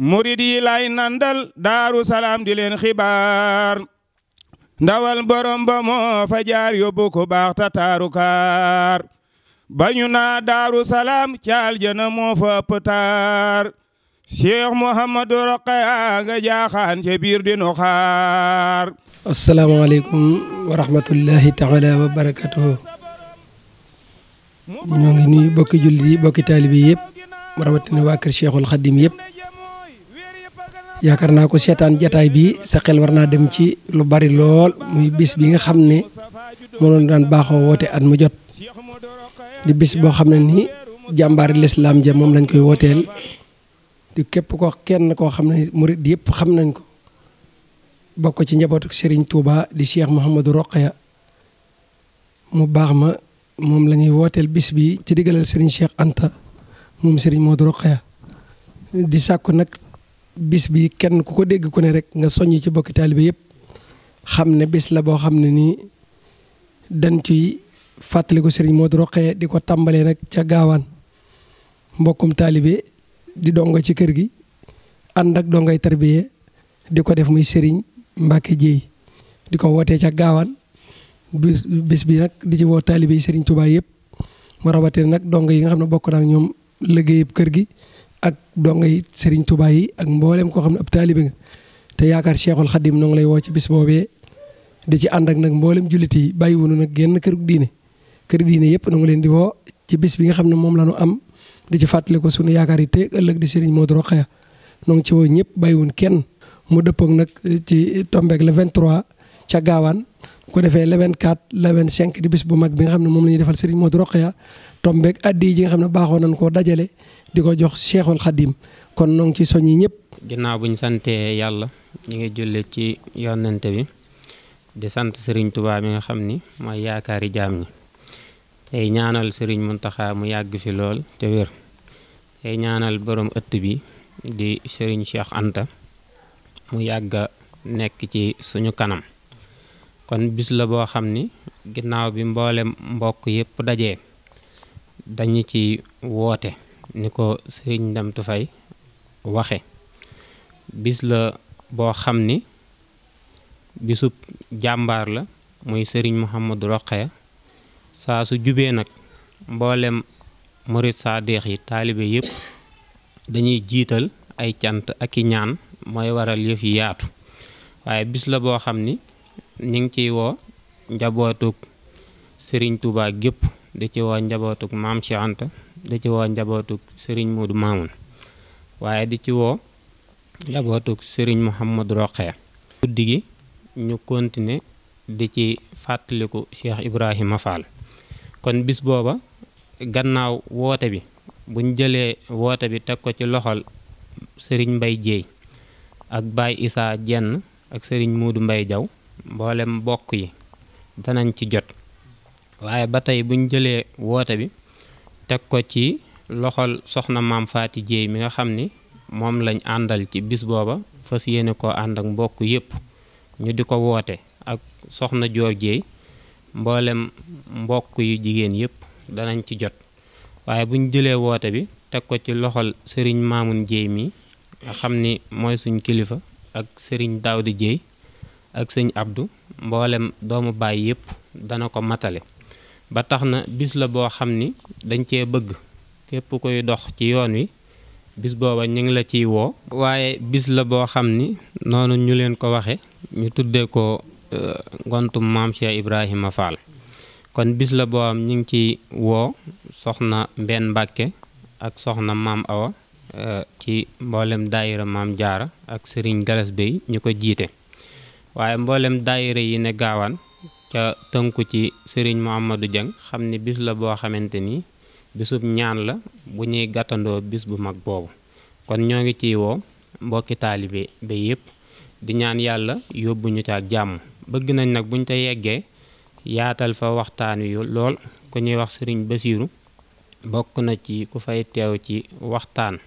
murid yi lay nandal daaru salaam di leen xibaar ndawal borom ba moo fa jaar yóbbu ko baax ta taarukaar bañu naa daaru salaam caal jëna moo fa ëpp taar cheikh mouhamadou roqaya nga jaaxaan ca biir di nu xaar asalaamaaleykum wa rahmatullahi taala wa barakatuhu ñoo ngi nuyu bokki jullit yi bokki taalibi yëpp rawatina waa kër cheikhul xadim yëpp yaakaar naa ko seetaan jataay bi sa xel war naa dem ci lu bari lool muy bis bi nga xam ne moo daan baaxoo woote at mu jot di bis boo xam ne ni jàmbaari lislaam ja moom lañ koy wooteel képp ko kenn koo xam ne murid yëpp xam nañ ko bokk ci njabootu Serigne Touba di Cheikh Mouhamadou mu baax ma moom la ñuy bis bi ci diggalal Serigne Cheikh Anta moom Serigne Modou Rokhaya di sàkku nag bis bi kenn ku ko dégg ku ne rek nga soññ ci bokki taalibe yëpp xam ne bis la boo xam ne nii dañ ci fàttaliku sëriñ moo Modou Rokhaya di ko tàmbalee nag ca gaawaan mbokkum taalibe di dongo ci kër gi ànd ak dongay tarbiye di ko def muy sëriñ Mbacke Dieye di ko wootee ca gaawaan bis bi nag di ci woo taalibe yi sëriñ tubaay yëpp mu nag dongo yi nga xam ne bokk naa ñoom liggéeyub kër gi ak dongay Serigne Touba yi ak mboolem koo xam ne ab taalibe nga te yaakaar Cheikhul Khadim noo ngi lay woo ci bis boobee di ci ànd ak nag mboolem jullit yi bàyyiwunu nag genn kër diine kër diine yëpp noo ngi leen di woo ci bis bi nga xam ne moom la ñu am di ci fàttali ko sunu yaakaar yi te ëllëg di Serigne Modou Rokhaya noo ngi ci woo ñëpp bàyyiwun kenn mu dëppoog nag ci tombeeg le 23 ca gaawaan ko defee le 24 le 25 di bis bu mag bi nga xam ne moom la ñuy defal Serigne Modou Rokhaya tombeeg addi ji nga xam ne baaxoo nañ koo dajale di ko jox Cheikhul Khadim kon noo ci ci soññi ñëpp. ginnaaw bu ñu santee yàlla ñu ngi julli ci yonente bi di sant Serigne tubaab yi nga xam ni mooy yaakaari jaam ñi tey ñaanal Serigne Mountakha mu yàgg fi lool te wér tey ñaanal boroom ëtt bi di sëriñ Cheikh Anta mu yàgg a nekk ci suñu kanam. kon bis la boo xam ni ginnaaw bi mboole mbokk yëpp dajee dañu ci woote ni ko sëriñ Ndamtu Fay waxe bis la boo xam ni bisub jàmbaar la muy sëriñ Muhammadu Roqaya saa su jubee nag mboolem murit saadix yi taalibe yëpp dañuy jiital ay cant ak i ñaan mooy waral yëf yi yaatu waaye bis la boo xam ni ñu ngi ciy woo njabootug sëriñ Touba gépp di ci woo njabootug Maam Cheikh Anta di ci woo njabootug sëriñ Modou Mamoun waaye di ci woo njabootug Serigne Mouhamadou Rokhaya guddi gi ñu kontine di ci fàttaliku Cheikh Ibrahima Fall kon bis booba gannaaw woote bi buñ jëlee woote bi teg ko ci loxol Serigne mbay Dieye ak Baye Issa Jenn ak Serigne Modou mbay Diaw mboolem mbokk yi danañ ci jot waaye ba tey buñ jëlee woote bi teg ko ci loxol soxna maam faati mi nga xam ni moom lañ àndal ci bis booba fas yéene koo ànd mbokk yépp ñu di ko woote ak soxna joor mbokk yu jigéen yépp danañ ci jot waaye buñ jëlee bi teg ko ci loxol sëriñ maamun jéey mi nga xam ni mooy suñ kilifa ak sëriñ daawdi jéey ak sëñ Abdou mboolem doomu baay yëpp dana ko matale ba tax na bis la boo xam ni dañ cee bëgg képp koy dox ci yoon wi bis booba ñu ngi la ciy woo waaye bis la boo xam ni noonu ñu leen ko waxe ñu tuddee ko euh, ngontum maam Cheikh Ibrahima Fall kon bis la boo am ñu ngi ciy woo soxna Mbenn Mbàkke ak soxna maam Awa euh, ci mboolem daayira maam Jaara ak Sëriñ Galas Bey ñu ko jiite waaye mboolem daayira yi ne gaawaan ca tënku ci Serigne Mouhamadou Dieng xam ni bis la boo xamante ni bisub ñaan la bu ñuy gàttandoo bis bu mag boobu kon ñoo ngi ciy woo mbokki taalibe ba yépp di ñaan yàlla yóbbuñu ca ak jàmm bëgg nañ nag buñ te yeggee yaatal fa waxtaan wi lool ku ñuy wax sëriñ Basiiru bokk na ci ku fay teew ci waxtaan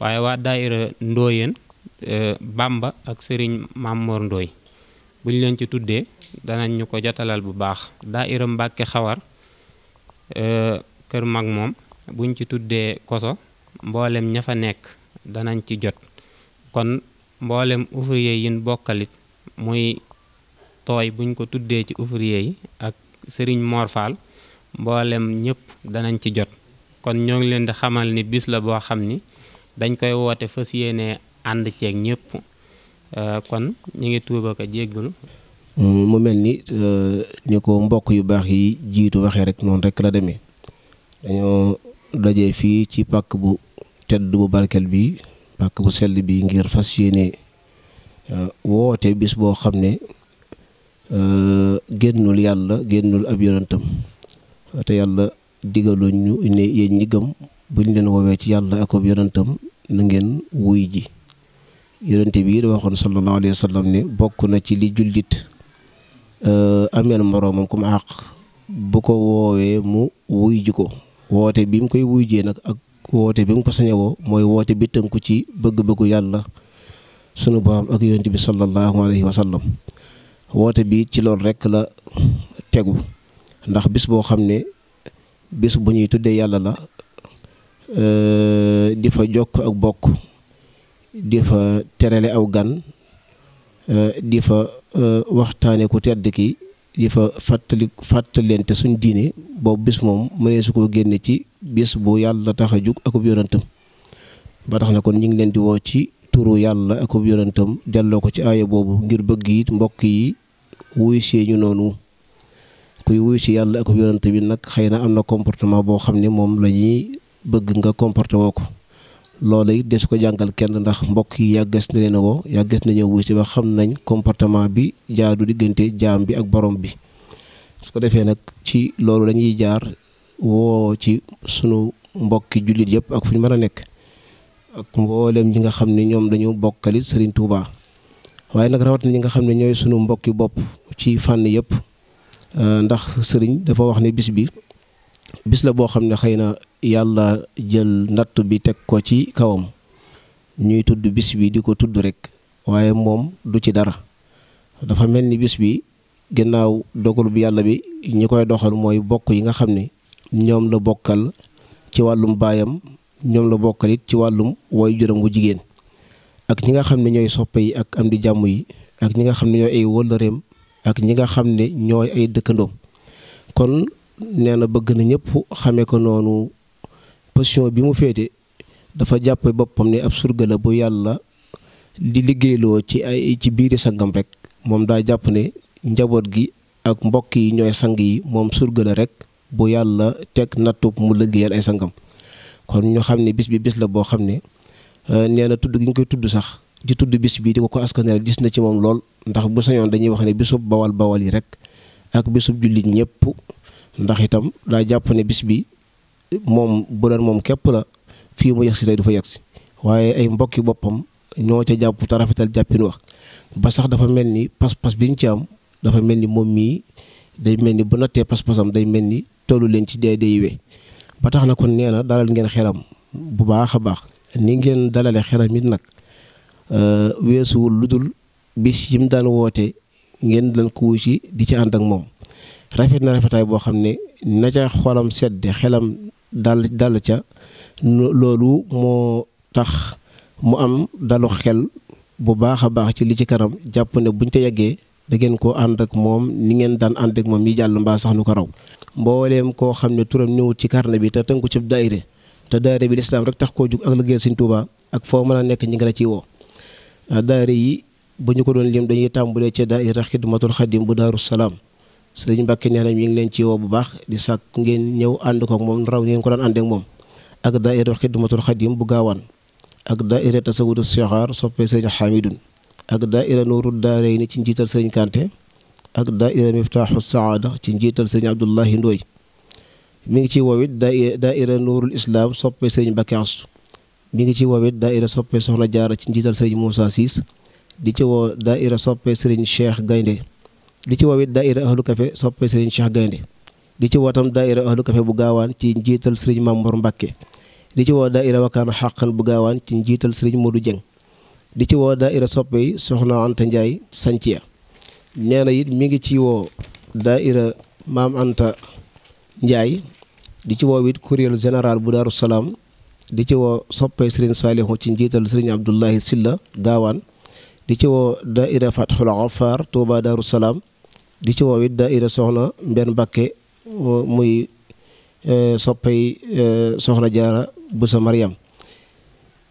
waaye waa daayira Ndooyeen eh, Bamba ak sëriñ Mamor Ndooy buñ leen ci tuddee danañ ñu ko jotalal bu baax daa daaira Mbàkke xawar euh, kër mag moom buñ ci tuddee koso mboolem ña fa nekk danañ ci jot kon mboolem ouvrier yin bokkalit muy tooy buñ ko tuddee ci ouvrier yi ak sëriñ morfaal mboolem ñëpp danañ ci jot kon ñoo ngi leen di xamal ni bis la boo xam ni dañ koy woote fas yéene ànd ceeg ñëpp Euh, kon ñu ngi tuuba ko jéggalu euh, mu mel ni euh, ni ko mbokk yu baax yi jiitu waxee rek noonu rek la deme dañoo dajee fii ci pàkk bu tedd bu barkel bi pàkk bu sell bi ngir fas yéene woote bis boo xam ne génnul yàlla génnul ab yonentam te yàlla digalu ñu ne yéen ñi gëm buñ leen woowee ci yàlla ak ab yonentam na ngeen wuy ji yonente bi da waxoon sallallahu alayhi wa sallam ni bokk na ci li jullit euh, ameel moroomam ku ma àq bu ko woowee mu wuy ji ko woote bi mu koy wuy jee nag ak woote bi mu ko sañewoo mooy woote bi tënku ci bëgg-bëggu yàlla sunu borom ak yonente bi sallallahu alayhi wa sallam woote bi ci loolu rekk la tegu ndax bis boo xam ne bis bu ñuy tuddee yàlla la euh, di fa jokk ak bokk di fa terale aw gan euh, di fa euh, waxtaane ku tedd ki di fa fàttali fàttalente suñ diine boobu bis moom mënee su ko génne ci bis bu yàlla tax a jug akub yonantam ba tax na kon ñu ngi leen di woo ci turu yàlla akub yonantam delloo ko ci aaya boobu ngir bëgg it mbokk yi wuy see ñu noonu kuy wuy si yàlla akub yonantam bi nag xëy na am na comportement boo xam ne moom la ñuy bëgg nga comporté woo ko loola it desu ko jàngal kenn ndax mbokk yi yàgges na leen woo yàgges nañoo wuy si ba xam nañ comportement bi jaadu diggante jaam bi ak borom bi su ko defee nag ci loolu lañuy jaar woo ci sunu mbokki jullit yëpp ak fu ñu mën a nekk ak mboolem ñi nga xam ne ñoom dañu bokkali Serigne Touba waaye nag rawatina ñi nga xam ne ñooy sunu mbokki bopp ci fànn yëpp euh, ndax sëriñ dafa wax ne bis bi bis la boo xam ne xëy na yàlla jël natt bi teg ko ci kawam ñuy tudd bis bi di ko tudd rek waaye moom du ci dara dafa mel ni bis bi ginnaaw dogalu bu yàlla bi ñi koy doxal mooy bokk yi nga xam ni ñoom la bokkal ci wàllum baayam ñoom la bokkal it ci wàllum woy juróom jigéen ak ñi nga xam ne ñooy sopp yi ak am di jàmm yi ak ñi nga xam ne ñooy ay wëllëreem ak ñi nga xam ne ñooy ay dëkkandoom kon nee na bëgg na ñëpp xamee ko noonu position bi mu féete dafa jàpp boppam ni ab surgala la bu yàlla di liggéeyloo ci ay ci biiri sangam rek moom daa jàpp ne njaboot gi ak mbokk yi ñooy sang yi moom surga la rek bu yàlla teg nattub mu liggéeyal ay sangam kon ñu xam ne bis bi bis la boo xam ne euh, nee na tudd gi ñu koy tudd sax di tudd bis bi di ko ko askanale gis na ci moom lool ndax bu sañoon dañuy wax ne bisub bawal bawal yi rek ak bisub jullit ñëpp ndax itam daa jàpp ne bis bi moom bu doon moom képp la fii mu yegsi tey du fa yegsi waaye ay mbokki boppam ñoo ca jàpp te rafetal jàppin wax ba sax dafa mel ni pas-pas bi ñu ci am dafa mel ni moom mii day mel ni bu nattee pas-pasam day mel ni tollu leen ci dee dee ba tax na kon nee na dalal ngeen xelam bu baax a baax ni ngeen dalale xelam it nag euh, weesuwul lu dul bis yi mu ngeen dañ ko wuusi di ci ànd ak moom rafet na rafetaay boo xam ne na ca xolam sedd xelam dal dàll ca loolu moo tax mu am dalu xel bu baax a baax ci li ci karam jàpp ne buñ te yeggee da ngeen koo ànd ak moom ni ngeen daan ànd ak moom ñi jàll mbaa sax nu ko raw mbooleem koo xam ne turam ñëwut ci carnet bi te ko ci daayira te daayira bi lislaam rek tax koo jug ak liggéeyal Sëñ Tuubaa ak foo mën a nekk ñi ngi la ciy woo daayira yi bu ñu ko doon lim dañuy tàmbulee ci daayira xidmatul xadim bu daaru salaam seriñ Mbàkke nee na mi ngi leen ci woo bu baax di sàkk ngeen ñëw ànd kook moom raw ngeen ko daan àndeek moom ak daaira xidmatul xadim bu gaawaan ak daaira tasawudu sixaar soppee sëriñ xamidun ak daaira nuuru daarey ni ci njiital sëriñ Kanté ak daaira miftaaxu saada ci njiital sëriñ Abdullahi Ndooy mi ngi ci woowit daaira nuurul islaam soppee sëriñ Mbàkke Astu mi ngi ci woowit daaira soppee soxna jaara ci njiital sëriñ Moussa Siis di ci woo daaira soppee sëriñ Cheikh Gaynde di ci woo it daaira ahlu café soppe Serigne Gaynde di ci woo tam daaira ahlu bu gaawaan ci njiital Serigne Mamor Mbacke di ci woo daaira wakkaan xàqan bu gaawaan ci njiital Serigne Modou Dieng di ci woo daaira soppe yi soxna Anta Ndiaye Santhia nee na it mi ngi ci woo daaira maam Anta Ndiaye di ci woo it kuréel général bu Daaru Salaam di ci woo soppe Serigne Salihu ci njiital Serigne Abdoulahi Silla gaawaan di ci woo daaira Salaam di ci wowit it daaira soxna Mbène Mbakke muy e, soppay e, soxna jaara Busa Mariam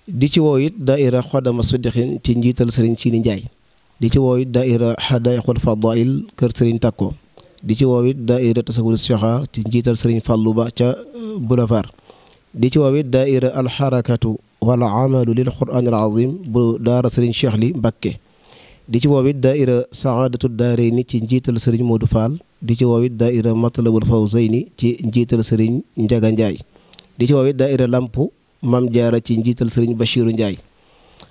di ci woo it daaira Xodama Siddiqin ci njiital sëriñ Sini Ndiaye di ci woo it daaira Xadaaiqul Fadail kër Serigne Takko di ci woo it daaira Tasawul Soxaar ci njiital Serigne Fallou Ba ca e, Boulevard di ci woo it daaira alxarakatu wal amalu lil Qur'an azim bu daara Serigne Cheikh li Mbakke di ci woowit daaira saadatu daarayni ci njiital sëriñ Modou Fall di ci woowit daaira matlabul fawzayni ci njiital sëriñ Njaga Njaay di ci woowit daaira làmp Mam Jaara ci njiital sëriñ Bachiru Njaay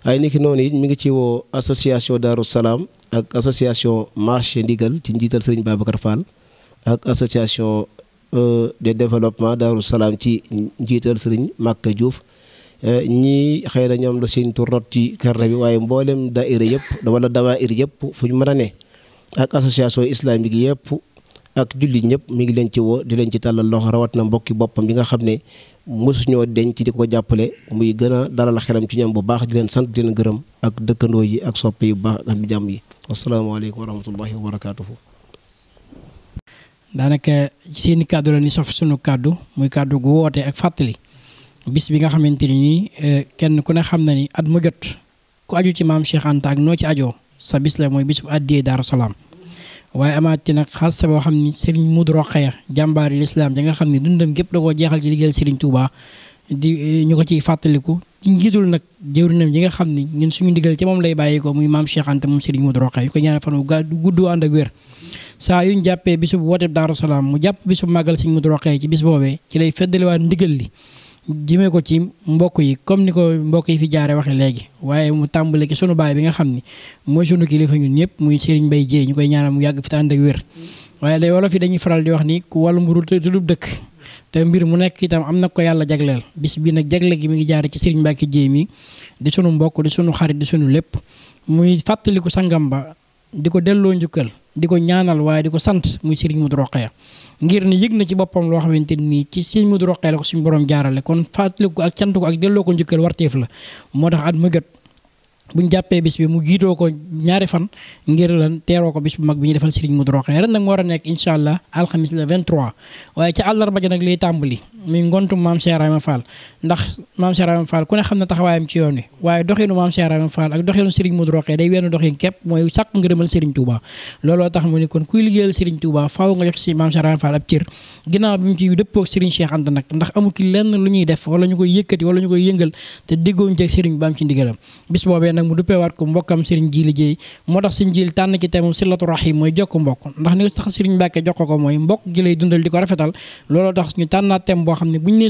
ay niki noonu it mi ngi ci woo association Daaru Salaam ak association marché ndigal ci njiital sëriñ Babacar Fall ak association euh, de développement Daaru Salaam ci njiital sëriñ Makka Diouf ñii xëy na ñoom la seen tur ci karta bi waaye mboolem daaira yëpp dawaa dawaayir yëpp fu ñu mën a ne ak association islamique yëpp ak jullit ñëpp mu ngi leen ci woo di leen ci tàllal loxo rawat na mbokki boppam yi nga xam ne mosuñoo denc di ko jàppale muy gën a dalal xelam ci ñoom bu baax di leen sant di leen gërëm ak dëkkandoo yi ak soppe yu baax ak am jàmm yi wasalaamaaleykum wa rahmatullahi wa barakaatuhu daanaka seeni kàddu la ni sof sunu kàddu muy kàddu gu woote fàttali bis bi nga xamante ni nii eh, kenn ku ne xam na ni at mu jot ku aju ci maam Cheikh Anta ak noo ci ajoo sa bis la mooy bis bu àddiyee Daaru Salaam waaye amaat ci nag xas boo xam ni Serigne Modou Rokhaya jàmbaari lislaam da nga xam ne dundam gépp da koo jeexal ci liggéeyal Serigne tuubaa di eh, ñu ko ciy fàttaliku ci njiitul nag jëwrinam yi nga xam ni ñun suñu ndigal ci moom lay bàyyi ko muy maam Cheikh Anta moom Serigne Modou Rokhaya yu ko ñaanal fan wu gudd ànd ak wér saa yuñ jàppee bisub wooteb Daaru Salaam mu jàpp bisub màggal Serigne Modou Rokhaya ci bis boobee ci lay feddaliwaat ndigal li jëmee ko ci mbokk yi comme ni ko mbokk yi fi jaare waxe léegi waaye mu tàmbale ki sunu baay bi nga xam ni mooy sunu kilifa ñun ñëpp muy Serigne Mbaye Dieye ñu koy ñaanal mu yàgg fi te wér waaye day wolof yi dañuy faral di wax ni ku wàllu mburu te du dëkk te mbir mu nekk itam am na ko yàlla jagleel bis bi nag jagle gi mi ngi jaare ci Serigne Mbacké Dieye mi di sunu mbokk di sunu xarit di sunu lépp muy fàttaliku sangam ba di ko delloo njukkal di ko ñaanal waaye di ko sant muy Serigne Modou Rokhaya ngir ne yëg na ci boppam loo xamante nii ci Serigne Modou Rokhaya la ko suñu borom jaarale kon ko ak cant ko ak delloo ko njukkal warteef la moo tax at mu buñ jàppee bis bi mu jiitoo ko ñaari fan ngir lan teeroo ko bis bu mag bi ñu defal Serigne Modou Rokhaya ren nag moo war a nekk incha allah alxamis le 23 waaye ca àllarba ja nag lay tàmbali muy ngontum maam Cheikh Ibrahima Fall ndax maam Cheikh Ibrahima Fall ku ne xam na taxawaayam ci yoon wi waaye doxinu maam Cheikh Ibrahima Fall ak doxinu Serigne Modou day wenn doxin képp mooy sàkk ngërëmal Serigne Touba looloo kon kuy liggéeyal Serigne Touba faaw nga jox si ab cër ginnaaw bi mu ci dëppoog Serigne Cheikh ñuy def wala ñu koy yëkkati wala ñu koy yëngal te diggooñ ceeg Serigne ba am ci nag mu duppeewaat ko mbokkam sëriñ ji liggéey moo tax sëriñ ji tànn ci teemam silatu rahim mooy jokk mbokk sëriñ Mbàkke jox ko ko mooy mbokk gi lay dundal di ko rafetal looloo tax ñu tànnaat thème boo xam ne bu ñu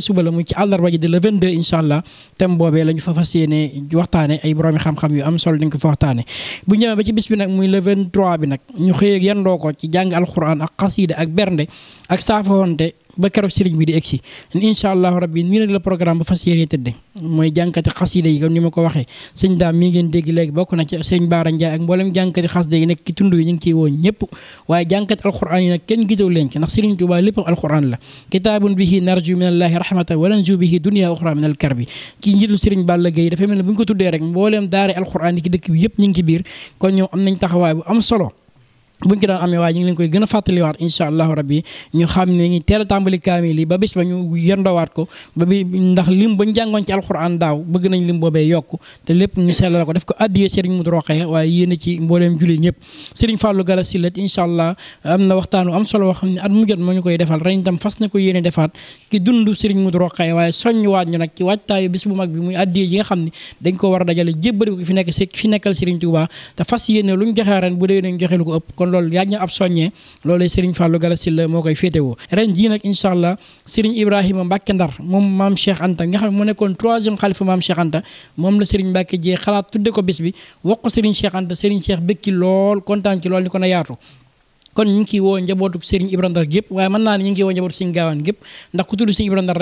nee boobee la fa fas yéene waxtaane ay boroomi xam-xam yu am solo dañ ko fa waxtaane bu ñëwee ba ci bis bi nag muy le 23 bi nag ñu xëyeeg yandoo ko ci jàng alquran ak xasiida ak bernde ak saafoonte ba keroog sëriñ bi di egsi incha allahu rabbi nii nag la programme ba fas yéene tëdde mooy jànkati xasida yi comme ni ma ko waxee sëñ daam mii ngeen dégg léegi bokk na ci sëñ Baara Ndiaye ak mboolem jànkati xasida yi nekk ki tund yi ñu ngi ciy woon ñëpp waaye jànkati alquran yi nag kenn gidaw leen ci ndax sëriñ Tuubaa lépp alquran la kitaabun bihi narju min allahi rahmatan wa nanju bihi dunya uxra min al karbi ci njiitul mel ne bu ñu ko tuddee rek mbooleem daare alquran yi ci dëkk bi yëpp ñu ngi ci biir kon ñoom am nañ bu am solo buñ ko daan amee waaye ñu ngi koy gën a fàttaliwaat incha allahu rabbi ñu xam ne ñu teel a tàmbali kaamil yi ba bis ba ñu yendowaat ko ba bi ndax lim bañ jàngoon ci alquran daaw bëgg nañ lim boobee yokk te lépp ñu sellal ko def ko addiyee Serigne Modou Rokhaya waaye yéen ci mbooleem jullit ñëpp Serigne Fallou Gala Sillat incha allah am na waxtaanu am solo xam ne at mu ñu koy defal ren itam fas na ko yéene defaat ki dund Serigne Modou Rokhaya waaye bi muy a dajale jébbali ko fi nekk fi nekkal Serigne Touba te fas yéene luñ joxee ren bu kon loolu yaaj na ab soññee loolu Serigne Fallou Galass Syll moo koy féetewoo ren jii nag incha allah Serigne Ibrahima Mbacke Ndar moom maam Cheikh Anta nga xam ne mu nekkoon troisième xalifa maam Cheikh Anta moom la Serigne Mbacke jee xalaat tudde ko bis bi wax ko Serigne Cheikh Anta Serigne Cheikh bëkki lool kontaan ci lool ni ko na yaatu kon ñu ngi ciy woo njabootu Serigne Ibra Ndar gépp waaye mën naa ne ñu ngi ciy woo njabootu Serigne Gaawaan gépp ndax ku tudd Serigne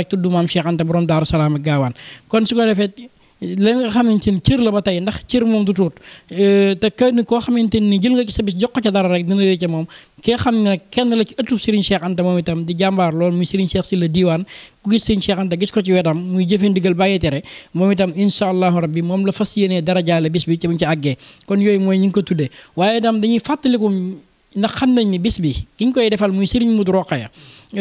leen nga xamante ne cër la ba tey ndax cër moom du tuut euh, te kenn koo xamante ni jël nga ci sa bis jox ko ca dara rek dina ree ca moom kee xam ne kenn la ci ëttub Serigne Cheikh Anta moom itam di jàmbaar lool muy Serigne Cheikh Sylla Diwane ku gis Serigne Cheikh Anta gis ko ci wetam muy jëfe ndigal bàyyi tere moom itam incha allahu rabbi moom la fas yéenee dara jaale bis bi ci buñ ci àggee kon yooyu mooy ñu ngi ko tuddee waaye dam dañuy fàttaliku ndax xam nañ ni bis bi ki ñu koy defal muy Serigne Modou Rokhaya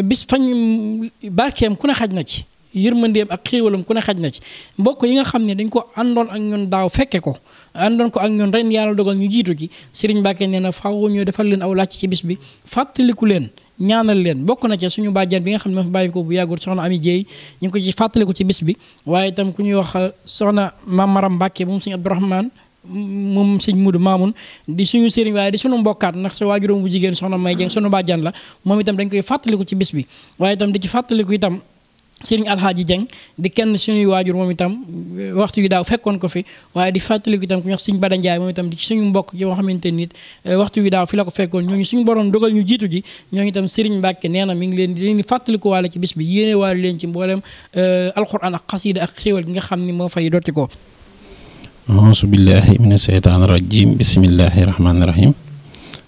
bis fañ barkeem ku ne xaj na ci yërmandeem ak xéewalam ku ne xaj na ci mbokk yi nga xam ne dañ ko àndoon ak ñun daaw fekke ko àndoon ko ak ñun ren yàlla dogal ñu jiitu ci Serigne Mbacke nee na faaw ñu defal leen aw laaj ci bis bi fàttaliku leen ñaanal leen bokk na ci suñu bàjjan bi nga xam ne ma fa bàyyi ko bu yàggul soxna Ami Dieye ñu ngi ko ci fàttaliku ci bis bi waaye itam ku ñuy wax soxna Mame Maram Mbacke moom Serigne Abdourahmane moom sëñ Mudu Maamun di suñu sëriñ waaye di suñu mbokkaat ndax sa waajuróom bu jigéen soxna May Dieng suñu bàjjan la moom itam dañ koy fàttaliku ci bis bi waaye itam di sëriñ Alxaaji Jeng di kenn suñuy waajur moom itam euh, waxtu yu daaw fekkoon ko fi waaye di fàttaliku itam ku ñuy wax sëriñ Bada Njaay moom itam di suñu mbokk yoo xamante ni euh, waxtu yu daaw fi la ko fekkoon ñooñu suñu boroon dogal ñu jiitu ji ñooñu itam sëriñ Mbàkke nee na mi ngi leen di leen di fàttaliku waale ci bis bi yéene waale leen ci mboolem euh, alquran ak xasiida ak xéewal gi nga xam ni moo fay dotti ko auzu billahi min asheytaan rajim bismillahi rahmaani rahim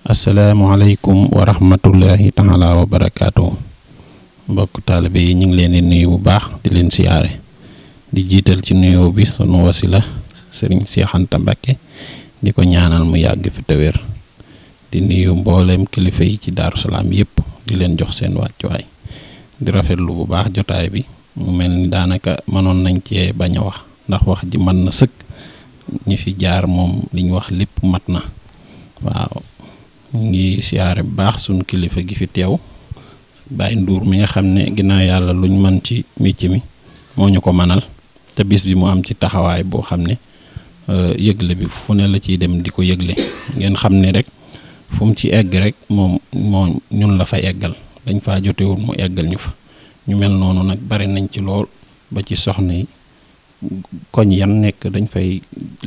asalaamaaleykum wa rahmatullahi taala wa barakaatuh mbokk taalibe yi ñu ngi leen di nuyu bu baax di leen siyaare di jiital ci nuyoo bi sunu wasila sëriñ Cheikh Anta di ko ñaanal mu yàgg fi te wér di nuyu mbooleem kilifa yi ci Daaru Salaam yëpp di leen jox seen wàccuwaay di rafetlu bu baax jotaay bi mu mel ni daanaka mënoon nañ cee bañ a wax ndax wax ji mën na sëkk ñi fi jaar moom li ñu wax lépp mat na waaw ñu ngi siyaare bu baax sunu kilifa gi fi teew. Baye nduur mi nga xam ne ginnaaw yàlla luñ mën ci métier mi moo ñu ko mënal te bi mu am ci taxawaay boo xam ne euh, yëgle bi fu ne la ciy dem di ko yëgle ngeen xam ne rek fu ci egg rek moom moo ñun la fa eggal dañ fa jotewul mu eggal ñu fa ñu mel noonu nag bari nañ ci lool ba ci soxna yi koñ yan nekk dañ fay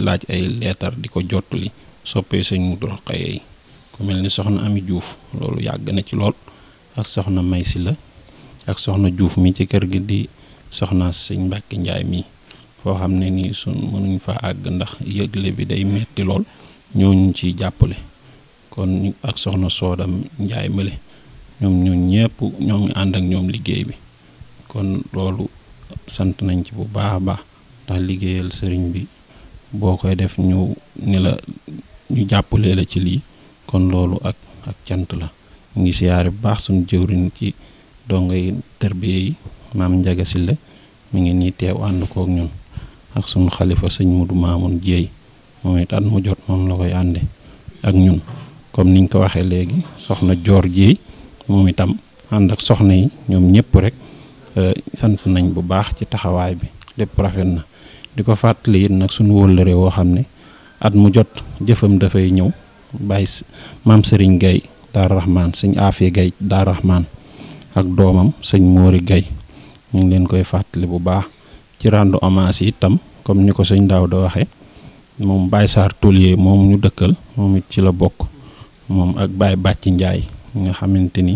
laaj ay leetar di ko jottali soppee sëñ mu dox xëye yi mel ni soxna Ami juuf loolu yàgg na ci lool ak soxna May la ak soxna Diouf mi ci kër gi di soxna Sëñ Mbàkke Njaay mi foo xam ne nii suñ mënuñ fa àgg ndax yëgle bi day metti lool ñooñu ciy jàppale kon ak soxna Soodam Njaay male ñoom ñun ñëpp ñoo ngi ànd ak ñoom liggéey bi kon loolu sant nañ ci bu baax a baax ndax liggéeyal sëriñ bi boo koy def ñu ni la ñu jàppalee la ci lii kon loolu ak ak cant la mu ngi siyaare bu baax suñu jëwriñ ci dongay tarbiya yi maam Njaga Silla mi ngi nii teew ànd kook ñun ak suñu xalifa sëñ Mudu Maamun Jéey moom it at mu jot moom la koy ànde ak ñun comme niñ ko waxee léegi soxna Joor Jéey moom itam ànd ak soxna yi ñoom ñëpp rek e, sant nañ bu baax ci taxawaay bi lépp rafet na di ko fàttali it nag suñu wóllëre woo xam ne at mu jot jëfam dafay ñëw bàyyi maam Serigne Gueye daar rahman sëñ Afia Gaye daar rahman ak doomam sëñ Móori Gaye ñu ngi leen koy fàttali bu baax ci rendu hommage yi itam comme ni ko sëñ daaw da waxee moom Baye Sarr Tolier moom ñu dëkkal moom it ci la bokk moom ak Baye Bàcc Njaay nga xamante ni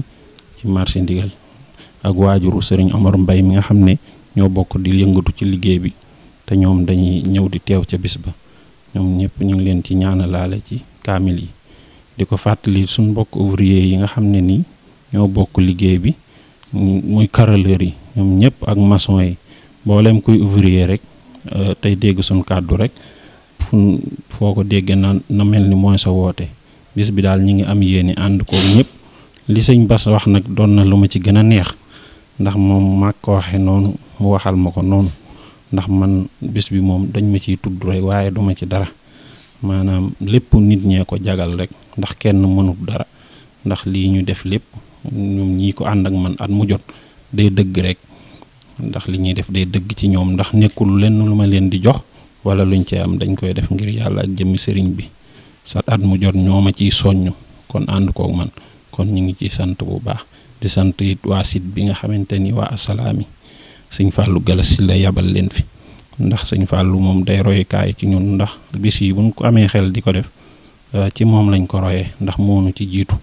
ci marché ndigal ak waajuru sëriñ Omar Mbay mi nga xam ne ñoo bokk di yëngatu ci liggéey bi te ñoom dañuy ñëw di teew ca bis ba ñoom ñëpp ñu ngi leen ci ñaanalaale ci kaamil yi di ko fàttali suñ mbokk ouvrier yi nga xam ne nii ñoo bokk liggéey bi muy carreleur yi ñoom ñëpp ak mason yi mboolem kuy ouvrier rek euh, tey dégg suñ kàddu rek fu foo ko déggee na na mel ni mooy sa woote bis bi daal ñu ngi am yéene ànd koog ñëpp li sëñ Bas wax nag doon na lu ma ci gën a neex ndax moom maa ko waxee noonu mu waxal ma ko noonu ndax man bis bi moom dañ ma ciy tudd rek waaye duma ci dara maanaam lépp nit ñee ko jagal rek ndax kenn mënut dara ndax lii ñu def lépp ñoom ñii ko ànd ak man at mu jot day dëgg rek ndax li ñuy def day dëgg ci ñoom ndax nekkul lenn lu ma leen di jox wala luñ ci am dañ koy def ngir yàlla ak jëmmi sëriñ bi sa at mu jot ñoo ma ciy soññ kon ànd kook man kon ñu ngi ci sant bu baax di sant it waa site bi nga xamante ni waa asalaami sëñ Fallou Galas si la yabal leen fi ndax sëñ Fàllu moom day royukaay ci ñun ndax bis yi buñ ko amee xel di ko def euh, ci moom lañ ko royee ndax moonu ci jiitu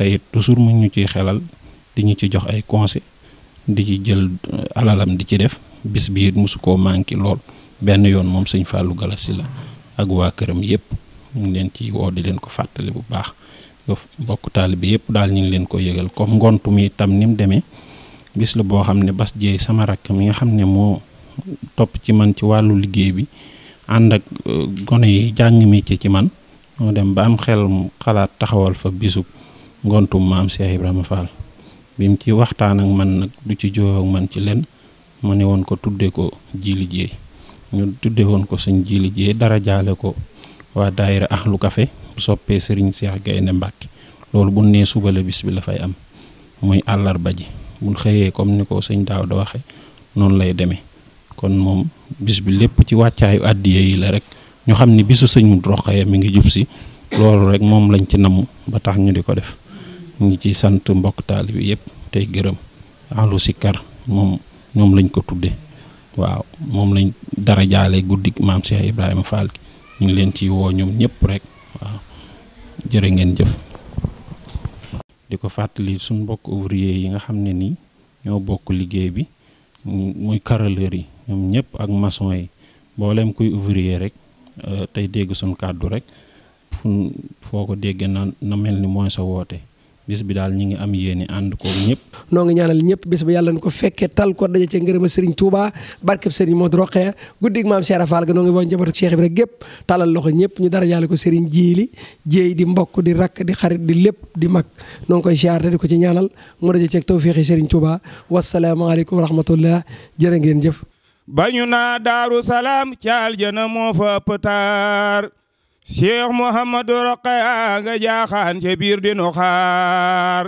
tey it toujours mu ñu ciy xelal di ñu ci jox ay conseil di ci jël euh, alalam di ci def bis biir it mosu koo manqué lool benn yoon moom sëñ Fàllu Galas si la ak waa këram yëpp mu ngi leen ci woo di leen ko fàttali bu baax bokk taalibe yëpp daal ñu ngi leen ko yëgal comme ngont mi itam ni mu demee bis la boo xam ne bas jeey sama rakk mi nga xam ne moo topp ci man ci wàllu liggéey bi ànd ak euh, gone yi jàng métier ci man moo dem ba am xel xalaat taxawal fa bisub ngontum maam Cheikh Ibrahima Fall bi mu ci waxtaan ak man nag du ci joo man ci lenn ma ne woon ko tuddee ko ji Dieye ñu tuddee woon ko suñ ji Dieye dara jaale ko waa daayira Ahlu Café bu soppee Serigne Cheikh Gaynde Mbàkke loolu bu nee suba la bis bi la am muy àllarba ji bu xëyee comme ni ko sëñ daaw da waxe noonu lay demee kon moom bis bi lépp ci wàccaayu àddiya yi la rek ñu xam ni bisu sëñ Modou Rokhaya mi ngi jub si loolu rek moom lañ ci namu ba tax ñu di ko def ñu ngi ciy sant mbokk taalib bi yëpp tey gërëm ahlu sikar moom ñoom lañ ko tuddee waaw moom lañ dara jaale guddi maam Cheikh Ibrahima Fall ñu ngi leen ci woo ñoom ñëpp rek waaw jërë ngeen jëf. di ko fàttali suñ mbokk ouvrier yi nga xam ne nii ñoo bokk liggéey bi muy carreleur yi. ñoom ñëpp ak maçon yi mboolem kuy ouvrier rek euh, tey dégg suñ kàddu rek fu foo ko déggee na mel ni mooy sa woote bis bi daal ñu ngi am yéene ànd ko ñëpp noo ngi ñaanal ñëpp bis bi yàlla na ko fekkee tal ko daje ci ngërëma sëriñ Touba barkeb sëriñ Modou Rokhaya guddig maam Cheikh Rafal ga noo ngi woon njabootu Cheikh Ibra gépp talal loxo ñëpp ñu dara yàlla ko sëriñ jiili jéey di mbokk di rakk di xarit di lépp di mag noo ngi koy siyaar di ko ci ñaanal mu daje ceeg tawféexi sëriñ Touba wasalaamaaleykum ngeen jëf bañu naa daaru salaam ca aljana moo fa ëpp taar cheikh mouhamadou roqaya nga jaaxaan ca biir di nu xaar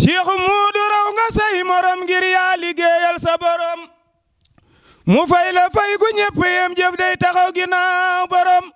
cheikh muudu raw nga say morom ngir yaa liggéeyal sa borom mu fay la fay gu ñëpp yem jëf day taxaw ginnaaw borom